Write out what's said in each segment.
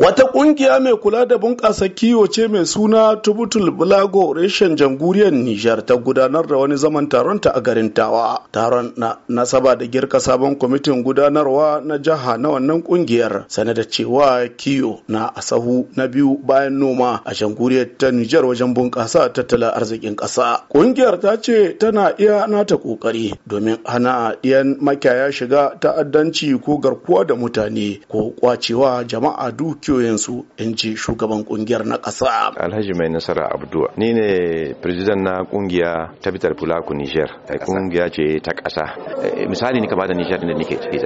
Wata ƙungiya mai kula da bunƙasa kiwo ce mai suna Tubutul Bulago reshen jamhuriyar Nijar ta gudanar da wani zaman taron ta a garin Tawa. Taron na nasaba da girka sabon kwamitin gudanarwa na jiha na wannan kungiyar sane da cewa kiwo na asahu na biyu bayan noma a jamhuriyar ta Nijar wajen bunƙasa tattalin arzikin ƙasa. Ƙungiyar ta ce tana iya nata ƙoƙari, domin hana ɗiyan makiyaya shiga ta'addanci ko garkuwa da mutane ko kwacewa jama'a duk. dukiyoyinsu in ji shugaban kungiyar na ƙasa. Alhaji mai nasara Abdu ni ne president na kungiya ta bitar Fulaku Niger. Kungiya ce ta ƙasa. Eh, misali ni kamata bada Niger da nake ciki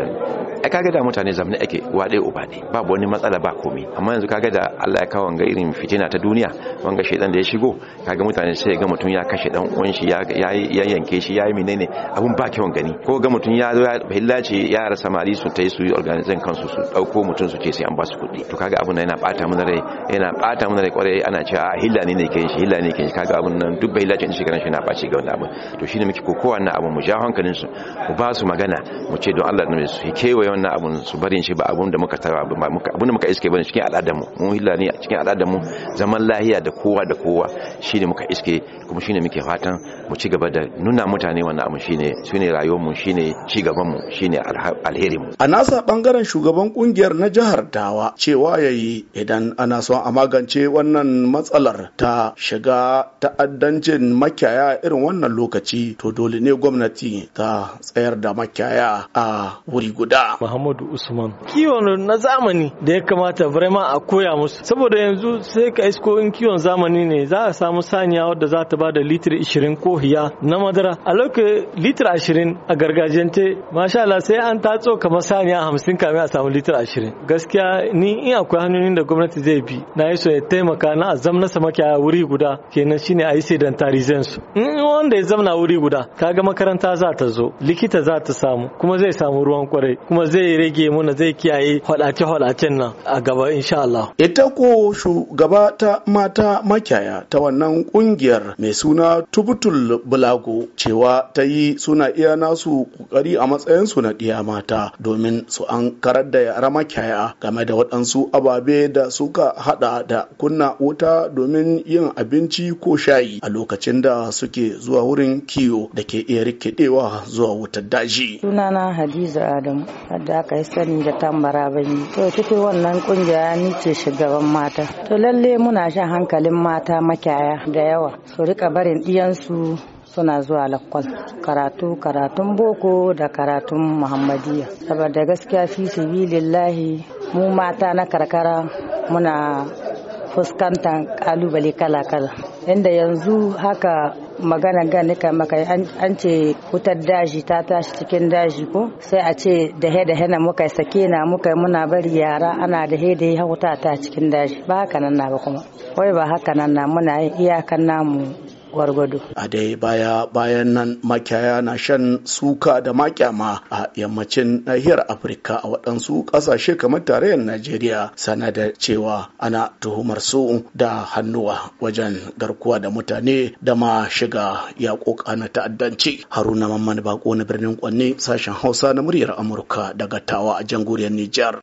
ai kaga da mutane zamani ake waɗe uba ne babu wani matsala ba komai amma yanzu kaga da Allah ya kawo ga irin fitina ta duniya wanga shedan da ya shigo kaga mutane sai ga mutum ya kashe dan uwan shi ya ya yanke shi yayi menene abun ba kyawun gani ko ga mutum ya zo ya hillace ara samari su tai su yi organizing kansu su dauko mutum su ce sai an ba su kuɗi to kaga abun nan yana bata mun rai yana bata mun rai kwarai ana cewa hilla ne ne kin shi hilla ne kin shi kaga abun nan duk bai hillace shi garan shi na baci ga wannan abun to shine muke kokowa wannan abun mu ja hankalin su mu ba su magana mu ce don Allah ne su kewaye wannan abun su barin shi ba abun da muka tara abun da muka iske bane cikin al'adar mu mu hilla ne cikin al'adar mu zaman lahiya da kowa da kowa shine muka iske kuma shine muke fatan mu ci gaba da nuna mutane wannan abun shine shine rayuwar mu shine ci gaban mu shine alheri mu a nasa bangaren shugaban kungiyar na jihar Dawa cewa yayi idan ana son a magance wannan matsalar ta shiga ta'addancin makiyaya irin wannan lokaci to dole ne gwamnati ta tsayar da makiyaya a wuri guda Muhammadu Usman kiwon na zamani da ya kamata vraiment a koya musu saboda yanzu sai ka isko in kiwon zamani ne za a samu saniya wadda za ta bada litir 20 ko hiya na madara a lokacin litir 20 a gargajiyance masha Allah sai an tatso kamar saniya 50 kamin a samu litir 20 gaskiya ni in akwai hanyoyin da gwamnati zai bi na yi so ya taimaka na a zamna na samakiya wuri guda kenan shine a yi tarizan su in wanda ya zamna wuri guda ka ga makaranta za ta zo likita za ta samu kuma zai samu ruwan kwarai kuma zai rage muna zai kiyaye hwadace hwadacen nan a gaba insha Allah ita ko shugaba ta mata makiyaya ta wannan kungiyar mai suna tubutul bulago cewa ta yi suna iya nasu kokari a matsayin su na diya mata domin su an karar da yara makiyaya game da waɗansu ababe da suka hada da kunna wuta domin yin abinci ko shayi a lokacin da suke zuwa wurin kiwo da ke iya rikidewa zuwa wutar daji sunana hadiza adamu da aka yi sani da tambara yi to cikin wannan kungiya ni ce shugaban mata to lalle muna shan hankalin mata makiyaya da yawa su rika barin diyansu suna zuwa lakwal karatu karatun boko da karatun muhammadiya saboda gaskiya fi sabilillahi mu mata na karkara muna fuskantar kalubale kala-kala inda yanzu haka magana gani ka maka an ce wutar daji ta tashi cikin daji ko sai a ce da he da hena muka sake na muka muna bari yara ana da he da ya wuta ta cikin daji ba haka nan na ba kuma wai ba haka nan na muna iyakan namu gwargwado. A dai baya bayan nan makiyaya na shan suka da makyama a yammacin nahiyar Afirka a waɗansu ƙasashe kamar tarayyar Najeriya sana da cewa ana tuhumar su da hannuwa wajen garkuwa da mutane da ma shiga yaƙoƙa na ta'addanci. Haruna Mamman Bako na birnin Kwanne sashen Hausa na muryar Amurka daga Tawa a jamhuriyar Nijar.